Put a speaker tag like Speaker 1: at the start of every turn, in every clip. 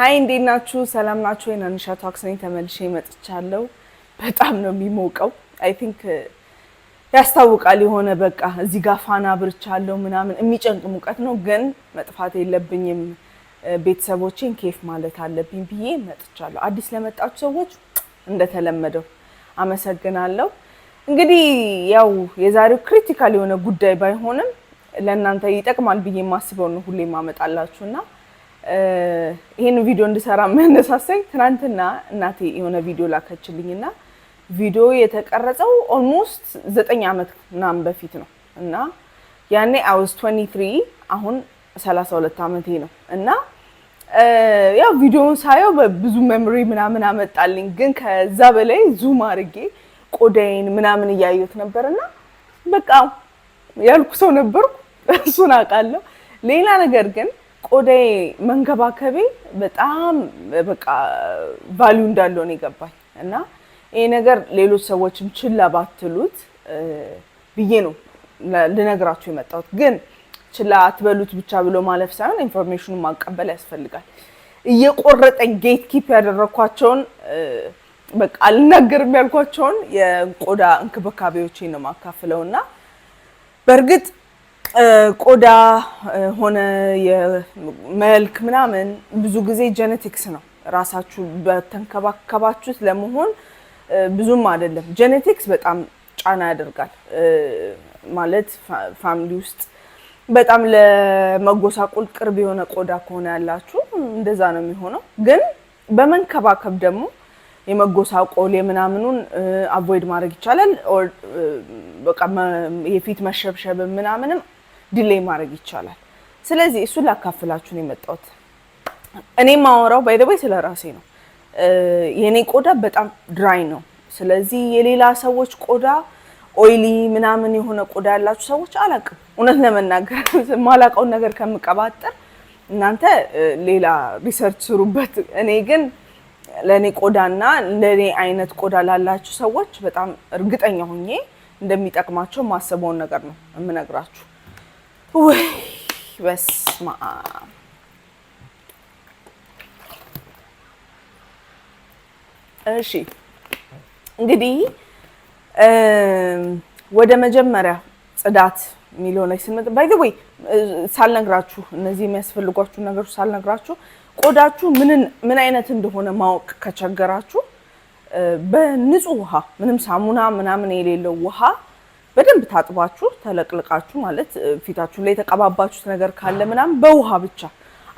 Speaker 1: ሀይ እንዴት ናችሁ? ሰላም ናችሁ ወይ? ናንሻ ነኝ። ተመልሼ መጥቻለሁ። በጣም ነው የሚሞቀው። አይ ቲንክ ያስታውቃል። የሆነ በቃ እዚህ ጋር ፋና ብርቻለሁ ምናምን የሚጨንቅ ሙቀት ነው፣ ግን መጥፋት የለብኝም ቤተሰቦቼን ኬፍ ማለት አለብኝ ብዬ መጥቻለሁ። አዲስ ለመጣችሁ ሰዎች እንደተለመደው አመሰግናለሁ። እንግዲህ ያው የዛሬው ክሪቲካል የሆነ ጉዳይ ባይሆንም ለእናንተ ይጠቅማል ብዬ የማስበው ነው ሁሌ ማመጣላችሁና ይህን ቪዲዮ እንድሰራ መነሳሳኝ ትናንትና እናቴ የሆነ ቪዲዮ ላከችልኝ ቪዲዮ የተቀረጸው ኦልሞስት ዘጠኝ ዓመት ምናምን በፊት ነው እና ያኔ አውስ 23 አሁን 32 ዓመቴ ነው እና ያው ቪዲዮውን ሳየው በብዙ መምሪ ምናምን አመጣልኝ። ግን ከዛ በላይ ዙም አድርጌ ቆዳዬን ምናምን እያየሁት ነበር እና በቃ ያልኩ ሰው ነበርኩ። እሱን አውቃለሁ። ሌላ ነገር ግን ቆዳዬ መንከባከቤ በጣም በቃ ቫሊዩ እንዳለው ነው የገባኝ እና ይሄ ነገር ሌሎች ሰዎችም ችላ ባትሉት ብዬ ነው ልነግራችሁ የመጣሁት። ግን ችላ አትበሉት ብቻ ብሎ ማለፍ ሳይሆን ኢንፎርሜሽኑን ማቀበል ያስፈልጋል። እየቆረጠኝ ጌት ኪፕ ያደረግኳቸውን በቃ አልናገርም ያልኳቸውን የቆዳ እንክብካቤዎች ነው ማካፍለው እና በእርግጥ ቆዳ ሆነ የመልክ ምናምን ብዙ ጊዜ ጀኔቲክስ ነው። ራሳችሁ በተንከባከባችሁት ለመሆን ብዙም አይደለም። ጀኔቲክስ በጣም ጫና ያደርጋል ማለት ፋሚሊ ውስጥ በጣም ለመጎሳቆል ቅርብ የሆነ ቆዳ ከሆነ ያላችሁ እንደዛ ነው የሚሆነው። ግን በመንከባከብ ደግሞ የመጎሳቆል የምናምኑን አቮይድ ማድረግ ይቻላል። የፊት መሸብሸብ ምናምንም ዲሌይ ማድረግ ይቻላል። ስለዚህ እሱን ላካፍላችሁ ነው የመጣሁት። እኔ ማወራው ባይደባይ ስለ ራሴ ነው። የእኔ ቆዳ በጣም ድራይ ነው። ስለዚህ የሌላ ሰዎች ቆዳ ኦይሊ ምናምን የሆነ ቆዳ ያላችሁ ሰዎች አላቅም። እውነት ለመናገር ማላቀውን ነገር ከምቀባጠር እናንተ ሌላ ሪሰርች ስሩበት። እኔ ግን ለእኔ ቆዳና ለእኔ አይነት ቆዳ ላላችሁ ሰዎች በጣም እርግጠኛ ሁኜ እንደሚጠቅማቸው ማስበውን ነገር ነው የምነግራችሁ። ወይ በስማ እሺ እንግዲህ ወደ መጀመሪያ ጽዳት የሚለው ላይ ስንመጣ ባይዘወይ ሳልነግራችሁ እነዚህ የሚያስፈልጓችሁ ነገሮች ሳልነግራችሁ ቆዳችሁ ምን አይነት እንደሆነ ማወቅ ከቸገራችሁ በንጹህ ውሃ ምንም ሳሙና ምናምን የሌለው ውሃ በደንብ ታጥባችሁ ተለቅልቃችሁ ማለት ፊታችሁ ላይ የተቀባባችሁት ነገር ካለ ምናምን በውሃ ብቻ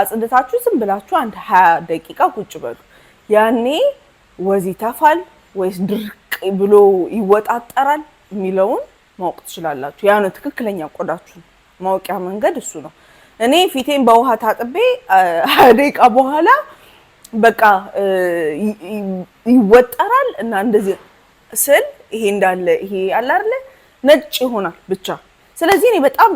Speaker 1: አጽድታችሁ ዝም ብላችሁ አንድ ሀያ ደቂቃ ቁጭ በሉ። ያኔ ወዝ ይተፋል ወይስ ድርቅ ብሎ ይወጣጠራል የሚለውን ማወቅ ትችላላችሁ። ያ ነው ትክክለኛ ቆዳችሁ ማወቂያ መንገድ እሱ ነው። እኔ ፊቴን በውሃ ታጥቤ ሀያ ደቂቃ በኋላ በቃ ይወጠራል እና እንደዚህ ስል ይሄ እንዳለ ይሄ አለ ነጭ ይሆናል ብቻ። ስለዚህ እኔ በጣም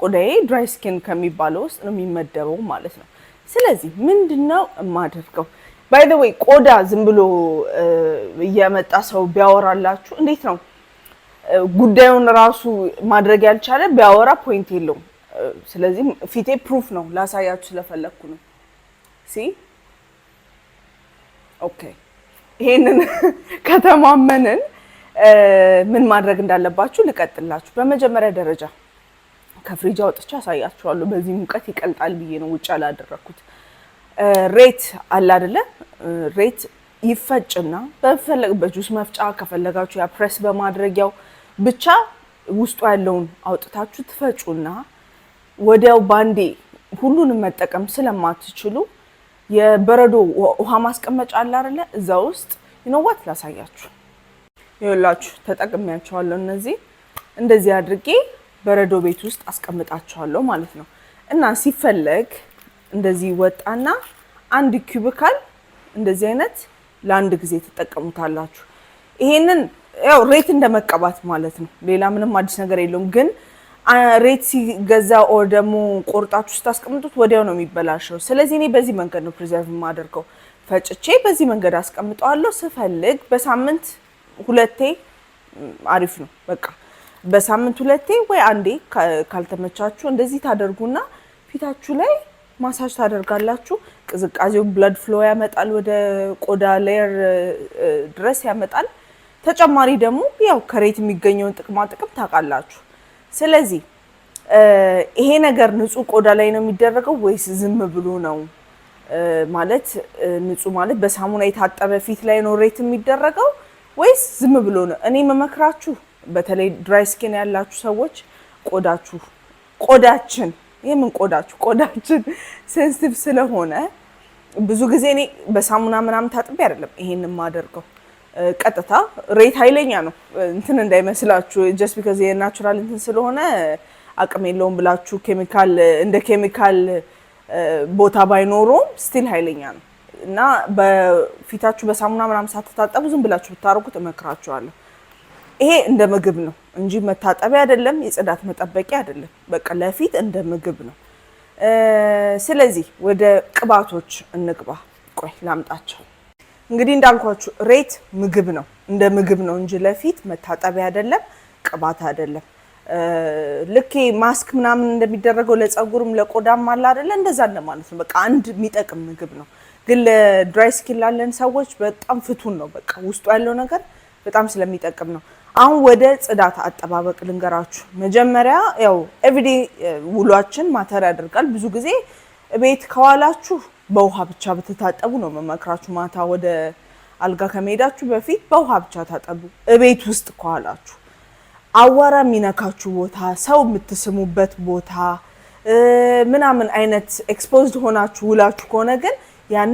Speaker 1: ቆዳዬ ድራይ ስኪን ከሚባለው ውስጥ ነው የሚመደበው ማለት ነው። ስለዚህ ምንድነው የማደርገው? ባይ ዘ ወይ ቆዳ ዝም ብሎ እየመጣ ሰው ቢያወራላችሁ እንዴት ነው ጉዳዩን ራሱ ማድረግ ያልቻለ ቢያወራ ፖይንት የለውም። ስለዚህ ፊቴ ፕሩፍ ነው፣ ላሳያችሁ ስለፈለግኩ ነው። ሲ ኦኬ፣ ይሄንን ከተማመንን ምን ማድረግ እንዳለባችሁ ልቀጥላችሁ። በመጀመሪያ ደረጃ ከፍሪጅ አውጥቼ አሳያችኋለሁ። በዚህ ሙቀት ይቀልጣል ብዬ ነው ውጭ አላደረግኩት። ሬት አለ አይደለ? ሬት ይፈጭና በፈለግ በጁስ መፍጫ ከፈለጋችሁ ያ ፕሬስ በማድረጊያው ብቻ ውስጡ ያለውን አውጥታችሁ ትፈጩና ወዲያው ባንዴ ሁሉንም መጠቀም ስለማትችሉ የበረዶ ውሃ ማስቀመጫ አለ አይደለ? እዛ ውስጥ ይኖዋት ላሳያችሁ ይኸውላችሁ ተጠቅሚያቸዋለሁ። እነዚህ እንደዚህ አድርጌ በረዶ ቤት ውስጥ አስቀምጣቸዋለሁ ማለት ነው እና ሲፈለግ እንደዚህ ወጣና አንድ ኪዩቢካል እንደዚህ አይነት ለአንድ ጊዜ ትጠቀሙታላችሁ። ይሄንን ያው ሬት እንደመቀባት ማለት ነው። ሌላ ምንም አዲስ ነገር የለውም። ግን ሬት ሲገዛ ኦር ደግሞ ቆርጣችሁ ስታስቀምጡት ወዲያው ነው የሚበላሸው። ስለዚህ እኔ በዚህ መንገድ ነው ፕሪዘርቭ የማደርገው። ፈጭቼ በዚህ መንገድ አስቀምጠዋለሁ። ስፈልግ በሳምንት ሁለቴ አሪፍ ነው። በቃ በሳምንት ሁለቴ ወይ አንዴ ካልተመቻችሁ እንደዚህ ታደርጉና ፊታችሁ ላይ ማሳጅ ታደርጋላችሁ። ቅዝቃዜው ብለድ ፍሎ ያመጣል፣ ወደ ቆዳ ሌየር ድረስ ያመጣል። ተጨማሪ ደግሞ ያው ከሬት የሚገኘውን ጥቅማ ጥቅም ታውቃላችሁ። ስለዚህ ይሄ ነገር ንጹህ ቆዳ ላይ ነው የሚደረገው ወይስ ዝም ብሎ ነው ማለት? ንጹህ ማለት በሳሙና የታጠበ ፊት ላይ ነው ሬት የሚደረገው ወይስ ዝም ብሎ ነው? እኔ መመክራችሁ በተለይ ድራይ ስኪን ያላችሁ ሰዎች ቆዳችሁ ቆዳችን የምን ቆዳችሁ ቆዳችን ሴንስቲቭ ስለሆነ ብዙ ጊዜ እኔ በሳሙና ምናምን ታጥቤ አይደለም ይሄን የማደርገው። ቀጥታ ሬት ኃይለኛ ነው እንትን እንዳይመስላችሁ። ጀስት ቢካዝ ናቹራል እንትን ስለሆነ አቅም የለውም ብላችሁ ኬሚካል እንደ ኬሚካል ቦታ ባይኖረውም ስቲል ኃይለኛ ነው። እና በፊታችሁ በሳሙና ምናምን ሳትታጠቡ ዝም ብላችሁ ብታረጉት እመክራችኋለሁ። ይሄ እንደ ምግብ ነው እንጂ መታጠቢያ አይደለም፣ የጽዳት መጠበቂያ አይደለም። በቃ ለፊት እንደ ምግብ ነው። ስለዚህ ወደ ቅባቶች እንግባ። ቆይ ላምጣቸው። እንግዲህ እንዳልኳችሁ ሬት ምግብ ነው፣ እንደ ምግብ ነው እንጂ ለፊት መታጠቢያ አይደለም፣ ቅባት አይደለም። ልኬ ማስክ ምናምን እንደሚደረገው ለጸጉርም ለቆዳም አለ አይደለ? እንደዛ እንደማለት ነው። በቃ አንድ የሚጠቅም ምግብ ነው። ግን ድራይ ስኪን ላለን ሰዎች በጣም ፍቱን ነው። በቃ ውስጡ ያለው ነገር በጣም ስለሚጠቅም ነው። አሁን ወደ ጽዳት አጠባበቅ ልንገራችሁ። መጀመሪያ ያው ኤቭሪዴ ውሏችን ማተር ያደርጋል። ብዙ ጊዜ ቤት ከዋላችሁ በውሃ ብቻ ብትታጠቡ ነው መመክራችሁ። ማታ ወደ አልጋ ከመሄዳችሁ በፊት በውሃ ብቻ ታጠቡ። እቤት ውስጥ ከኋላችሁ አዋራ የሚነካችሁ ቦታ፣ ሰው የምትስሙበት ቦታ ምናምን አይነት ኤክስፖዝድ ሆናችሁ ውላችሁ ከሆነ ግን ያን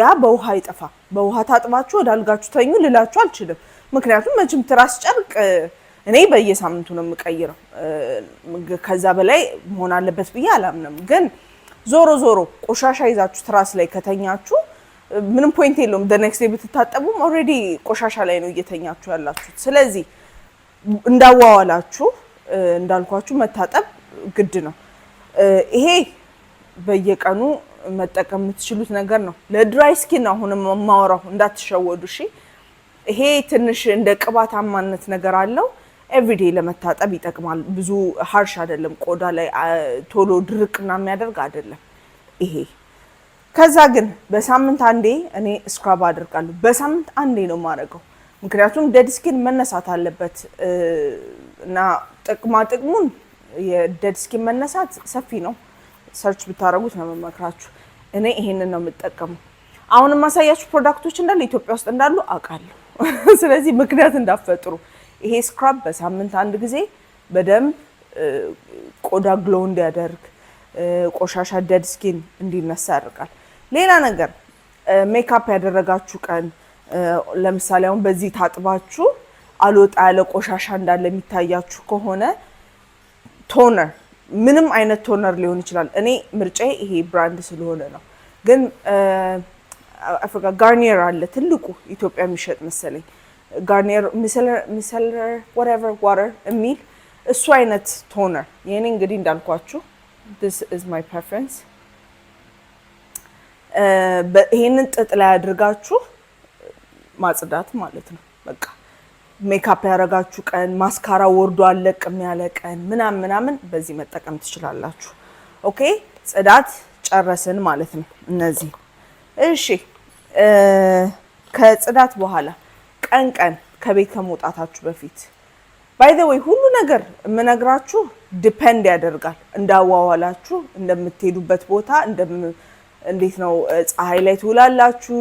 Speaker 1: ያ በውሃ ይጠፋ። በውሃ ታጥባችሁ ወደ አልጋችሁ ተኙ ልላችሁ አልችልም። ምክንያቱም መቼም ትራስ ጨርቅ እኔ በየሳምንቱ ነው የምቀይረው። ከዛ በላይ መሆን አለበት ብዬ አላምንም። ግን ዞሮ ዞሮ ቆሻሻ ይዛችሁ ትራስ ላይ ከተኛችሁ ምንም ፖይንት የለውም። ደኔክስት ዴይ ብትታጠቡም ኦልሬዲ ቆሻሻ ላይ ነው እየተኛችሁ ያላችሁት። ስለዚህ እንዳዋዋላችሁ እንዳልኳችሁ መታጠብ ግድ ነው። ይሄ በየቀኑ መጠቀም የምትችሉት ነገር ነው። ለድራይ ስኪን አሁንም ማውራው እንዳትሸወዱ እሺ። ይሄ ትንሽ እንደ ቅባታማነት ነገር አለው። ኤቭሪዴ ለመታጠብ ይጠቅማል። ብዙ ሀርሽ አይደለም። ቆዳ ላይ ቶሎ ድርቅና የሚያደርግ አይደለም ይሄ። ከዛ ግን በሳምንት አንዴ እኔ ስክራብ አድርጋለሁ። በሳምንት አንዴ ነው የማደርገው፣ ምክንያቱም ደድ ስኪን መነሳት አለበት እና ጥቅማ ጥቅሙን የደድ ስኪን መነሳት ሰፊ ነው። ሰርች ብታደረጉት ነው የምመክራችሁ። እኔ ይሄንን ነው የምጠቀመው። አሁን የማሳያችሁ ፕሮዳክቶች እንዳለ ኢትዮጵያ ውስጥ እንዳሉ አውቃለሁ። ስለዚህ ምክንያት እንዳፈጥሩ ይሄ ስክራብ በሳምንት አንድ ጊዜ በደንብ ቆዳ ግሎ እንዲያደርግ ቆሻሻ ደድ ስኪን እንዲነሳ ያደርጋል። ሌላ ነገር ሜካፕ ያደረጋችሁ ቀን ለምሳሌ አሁን በዚህ ታጥባችሁ አልወጣ ያለ ቆሻሻ እንዳለ የሚታያችሁ ከሆነ ቶነር ምንም አይነት ቶነር ሊሆን ይችላል። እኔ ምርጫዬ ይሄ ብራንድ ስለሆነ ነው። ግን አፍሪካ ጋርኒየር አለ ትልቁ ኢትዮጵያ የሚሸጥ መሰለኝ ጋርኒየር ሚሰለር ወቨር ዋተር የሚል እሱ አይነት ቶነር። የእኔ እንግዲህ እንዳልኳችሁ ስ ኢዝ ማይ ፕሬፈረንስ። ይሄንን ጥጥ ላይ አድርጋችሁ ማጽዳት ማለት ነው በቃ ሜካፕ ያደረጋችሁ ቀን ማስካራ ወርዶ አለቅም ያለ ቀን ምናምን ምናምን በዚህ መጠቀም ትችላላችሁ። ኦኬ ጽዳት ጨረስን ማለት ነው እነዚህ። እሺ ከጽዳት በኋላ ቀን ቀን ከቤት ከመውጣታችሁ በፊት ባይ ዘ ወይ ሁሉ ነገር የምነግራችሁ ዲፐንድ ያደርጋል እንዳዋዋላችሁ፣ እንደምትሄዱበት ቦታ እንዴት ነው፣ ፀሐይ ላይ ትውላላችሁ፣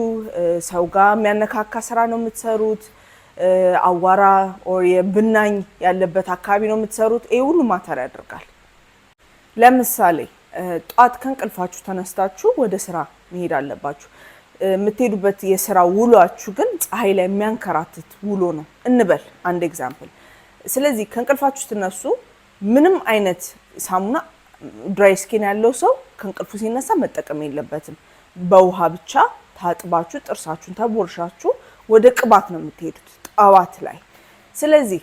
Speaker 1: ሰው ጋር የሚያነካካ ስራ ነው የምትሰሩት አዋራ ኦር የብናኝ ያለበት አካባቢ ነው የምትሰሩት። ይህ ሁሉ ማተር ያደርጋል። ለምሳሌ ጧት ከእንቅልፋችሁ ተነስታችሁ ወደ ስራ መሄድ አለባችሁ። የምትሄዱበት የስራ ውሏችሁ ግን ፀሐይ ላይ የሚያንከራትት ውሎ ነው እንበል አንድ ኤግዛምፕል። ስለዚህ ከእንቅልፋችሁ ስትነሱ ምንም አይነት ሳሙና ድራይ ስኪን ያለው ሰው ከእንቅልፉ ሲነሳ መጠቀም የለበትም። በውሃ ብቻ ታጥባችሁ ጥርሳችሁን ተቦርሻችሁ ወደ ቅባት ነው የምትሄዱት። ጠዋት ላይ። ስለዚህ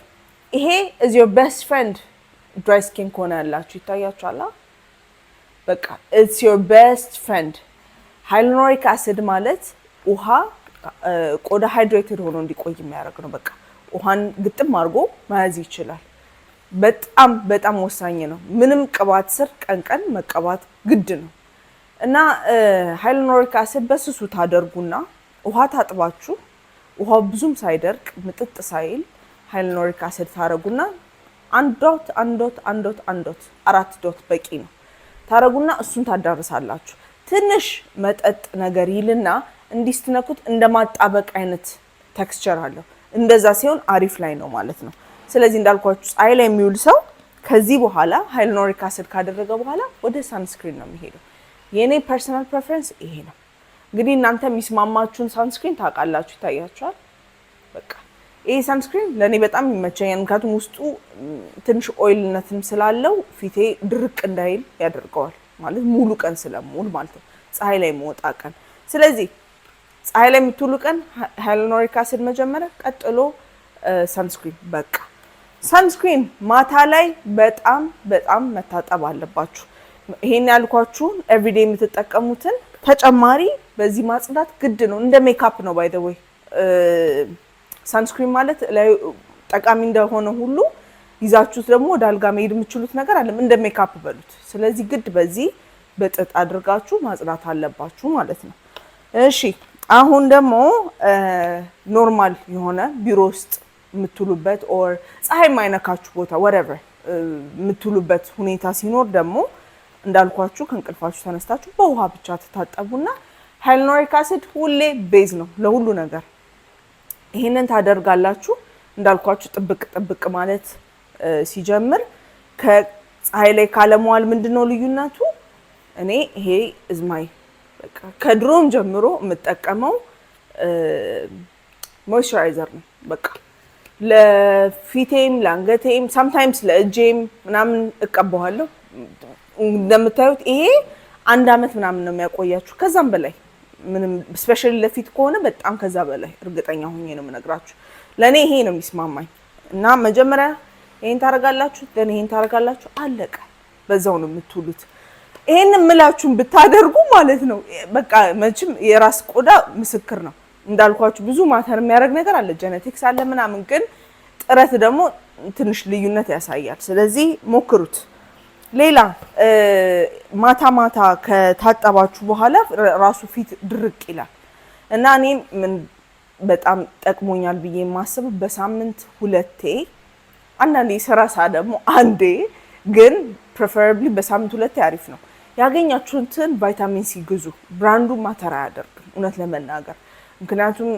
Speaker 1: ይሄ ኢዝ ዮር ቤስት ፍሬንድ ድራይ ስኪን ከሆነ ያላችሁ ይታያችኋላ። በቃ ኢትስ ዮር ቤስት ፍሬንድ። ሃይሎኖሪክ አሲድ ማለት ውሃ ቆዳ ሃይድሬትድ ሆኖ እንዲቆይ የሚያደርግ ነው። በቃ ውሃን ግጥም አድርጎ መያዝ ይችላል። በጣም በጣም ወሳኝ ነው። ምንም ቅባት ስር ቀንቀን መቀባት ግድ ነው እና ሃይሎኖሪክ አሲድ በስሱ ታደርጉና ውሃ ታጥባችሁ ውሃው ብዙም ሳይደርቅ ምጥጥ ሳይል ሃይልኖሪክ አሲድ ታረጉና አንዶት አንዶት አንዶት አንዶት አራት ዶት በቂ ነው ታረጉና እሱን ታዳርሳላችሁ። ትንሽ መጠጥ ነገር ይልና እንዲስትነኩት እንደ ማጣበቅ አይነት ቴክስቸር አለው። እንደዛ ሲሆን አሪፍ ላይ ነው ማለት ነው። ስለዚህ እንዳልኳችሁ ፀሐይ ላይ የሚውል ሰው ከዚህ በኋላ ሃይልኖሪክ አሲድ ካደረገ በኋላ ወደ ሳንስክሪን ነው የሚሄደው። የእኔ ፐርሰናል ፕሬፈረንስ ይሄ ነው። እንግዲህ እናንተ የሚስማማችሁን ሳንስክሪን ታውቃላችሁ፣ ይታያችኋል። በቃ ይሄ ሳንስክሪን ለእኔ በጣም ይመቸኛል፣ ምክንያቱም ውስጡ ትንሽ ኦይልነትም ስላለው ፊቴ ድርቅ እንዳይል ያደርገዋል። ማለት ሙሉ ቀን ስለምውል ማለት ነው፣ ፀሐይ ላይ መወጣ ቀን። ስለዚህ ፀሐይ ላይ የምትውሉ ቀን ሃይሎኖሪክ አሲድ መጀመሪያ፣ ቀጥሎ ሳንስክሪን። በቃ ሳንስክሪን ማታ ላይ በጣም በጣም መታጠብ አለባችሁ። ይሄን ያልኳችሁን ኤቭሪዴ የምትጠቀሙትን ተጨማሪ በዚህ ማጽዳት ግድ ነው። እንደ ሜካፕ ነው። ባይ ዘ ወይ ሳንስክሪን ማለት ላይ ጠቃሚ እንደሆነ ሁሉ ይዛችሁት ደግሞ ወደ አልጋ መሄድ የምችሉት ነገር አለም እንደ ሜካፕ በሉት። ስለዚህ ግድ በዚህ በጥጥ አድርጋችሁ ማጽዳት አለባችሁ ማለት ነው። እሺ አሁን ደግሞ ኖርማል የሆነ ቢሮ ውስጥ የምትሉበት ኦር ፀሐይ ማይነካችሁ ቦታ ወረቨር የምትሉበት ሁኔታ ሲኖር ደግሞ እንዳልኳችሁ ከእንቅልፋችሁ ተነስታችሁ በውሃ ብቻ ትታጠቡና ሃይልኖሪክ አሲድ ሁሌ ቤዝ ነው ለሁሉ ነገር። ይህንን ታደርጋላችሁ። እንዳልኳችሁ ጥብቅ ጥብቅ ማለት ሲጀምር ከፀሐይ ላይ ካለመዋል ምንድን ነው ልዩነቱ? እኔ ይሄ እዝማይ ከድሮም ጀምሮ የምጠቀመው ሞይስቸራይዘር ነው። በቃ ለፊቴም ለአንገቴም ሳምታይምስ ለእጄም ምናምን እቀባዋለሁ። እንደምታዩት ይሄ አንድ አመት ምናምን ነው የሚያቆያችሁ ከዛም በላይ ምንም ስፔሻሊ ለፊት ከሆነ በጣም ከዛ በላይ እርግጠኛ ሆኜ ነው የምነግራችሁ። ለእኔ ይሄ ነው የሚስማማኝ እና መጀመሪያ ይሄን ታደርጋላችሁ፣ ደን ይሄን ታደርጋላችሁ፣ አለቀ። በዛው ነው የምትውሉት። ይሄን ምላችሁን ብታደርጉ ማለት ነው በቃ መቼም የራስ ቆዳ ምስክር ነው። እንዳልኳችሁ ብዙ ማተር የሚያደርግ ነገር አለ፣ ጀነቲክስ አለ ምናምን፣ ግን ጥረት ደግሞ ትንሽ ልዩነት ያሳያል። ስለዚህ ሞክሩት። ሌላ ማታ ማታ ከታጠባችሁ በኋላ ራሱ ፊት ድርቅ ይላል እና ምን በጣም ጠቅሞኛል ብዬ የማስብ በሳምንት ሁለቴ አንዳንዴ ሳ ደግሞ አንዴ፣ ግን ፕሬፈረብሊ በሳምንት ሁለቴ አሪፍ ነው። ያገኛችሁትን ቫይታሚን ሲ ግዙ። ብራንዱ ማተራ አያደርግም እውነት ለመናገር ምክንያቱም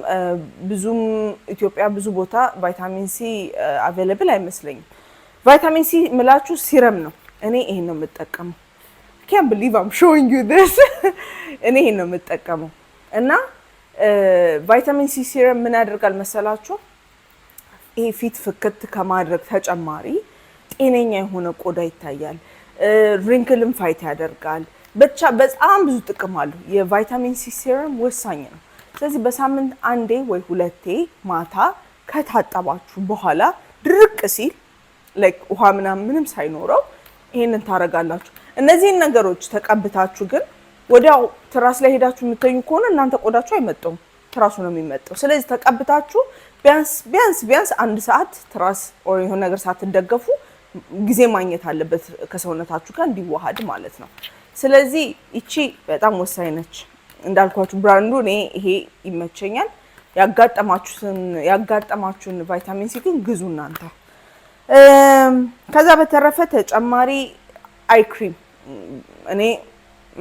Speaker 1: ብዙም ኢትዮጵያ ብዙ ቦታ ቫይታሚን ሲ አቬለብል አይመስለኝም። ቫይታሚን ሲ ምላችሁ ሲረም ነው እኔ ይሄን ነው የምጠቀመው። ካን ብሊቭ አም ሾዊንግ ዩ ዲስ። እኔ ይሄን ነው የምጠቀመው እና ቫይታሚን ሲ ሲረም ምን ያደርጋል መሰላችሁ? ይሄ ፊት ፍክት ከማድረግ ተጨማሪ ጤነኛ የሆነ ቆዳ ይታያል። ሪንክልም ፋይት ያደርጋል። ብቻ በጣም ብዙ ጥቅም አለው። የቫይታሚን ሲ ሲረም ወሳኝ ነው። ስለዚህ በሳምንት አንዴ ወይ ሁለቴ ማታ ከታጠባችሁ በኋላ ድርቅ ሲል ውሃ ምናምን ምንም ሳይኖረው ይሄንን ታረጋላችሁ። እነዚህን ነገሮች ተቀብታችሁ ግን ወዲያው ትራስ ላይ ሄዳችሁ የምተኙ ከሆነ እናንተ ቆዳችሁ አይመጣውም ትራሱ ነው የሚመጠው። ስለዚህ ተቀብታችሁ ቢያንስ ቢያንስ ቢያንስ አንድ ሰዓት ትራስ የሆነ ነገር ሳትደገፉ ጊዜ ማግኘት አለበት ከሰውነታችሁ ጋር እንዲዋሃድ ማለት ነው። ስለዚህ ይቺ በጣም ወሳኝ ነች። እንዳልኳችሁ ብራንዱ እኔ ይሄ ይመቸኛል። ያጋጠማችሁን ቫይታሚን ሲ ግን ግዙ እናንተ ከዛ በተረፈ ተጨማሪ አይክሪም እኔ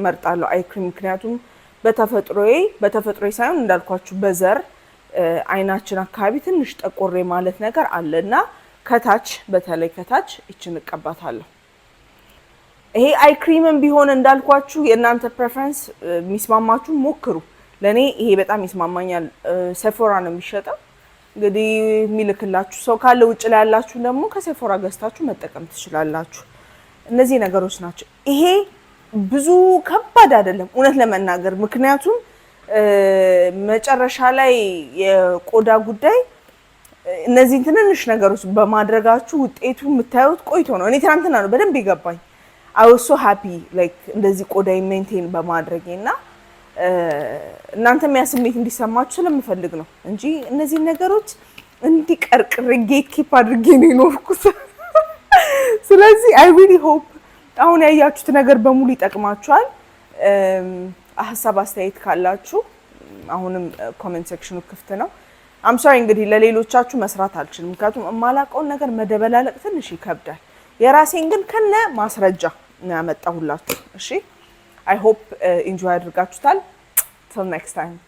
Speaker 1: መርጣለሁ አይክሪም ምክንያቱም በተፈጥሮዬ በተፈጥሮዬ ሳይሆን እንዳልኳችሁ በዘር አይናችን አካባቢ ትንሽ ጠቆሬ ማለት ነገር አለ እና ከታች በተለይ ከታች ይችን እቀባታለሁ። ይሄ አይክሪምም ቢሆን እንዳልኳችሁ የእናንተ ፕሬፈረንስ የሚስማማችሁ ሞክሩ። ለእኔ ይሄ በጣም ይስማማኛል። ሰፎራ ነው የሚሸጠው እንግዲህ የሚልክላችሁ ሰው ካለ ውጭ ላይ ያላችሁ ደግሞ ከሴፎራ ገዝታችሁ መጠቀም ትችላላችሁ። እነዚህ ነገሮች ናቸው። ይሄ ብዙ ከባድ አይደለም እውነት ለመናገር ምክንያቱም መጨረሻ ላይ የቆዳ ጉዳይ እነዚህን ትንንሽ ነገሮች በማድረጋችሁ ውጤቱ የምታዩት ቆይቶ ነው። እኔ ትናንትና ነው በደንብ የገባኝ። አይ ወሶ ሀፒ ላይክ እንደዚህ ቆዳ ሜንቴን በማድረጌ እና እናንተ ያ ስሜት እንዲሰማችሁ ስለምፈልግ ነው እንጂ እነዚህ ነገሮች እንዲቀርቅርጌ ኬፕ አድርጌ ነው የኖርኩት። ስለዚህ አይ ሪሊ ሆፕ አሁን ያያችሁት ነገር በሙሉ ይጠቅማችኋል። ሀሳብ አስተያየት ካላችሁ አሁንም ኮሜንት ሴክሽኑ ክፍት ነው። አምሳሪ እንግዲህ ለሌሎቻችሁ መስራት አልችልም፣ ምክንያቱም የማላውቀውን ነገር መደበላለቅ ትንሽ ይከብዳል። የራሴን ግን ከነ ማስረጃ ነው ያመጣሁላችሁ። እሺ I hope uh, enjoyed Rugachtal. Till next time.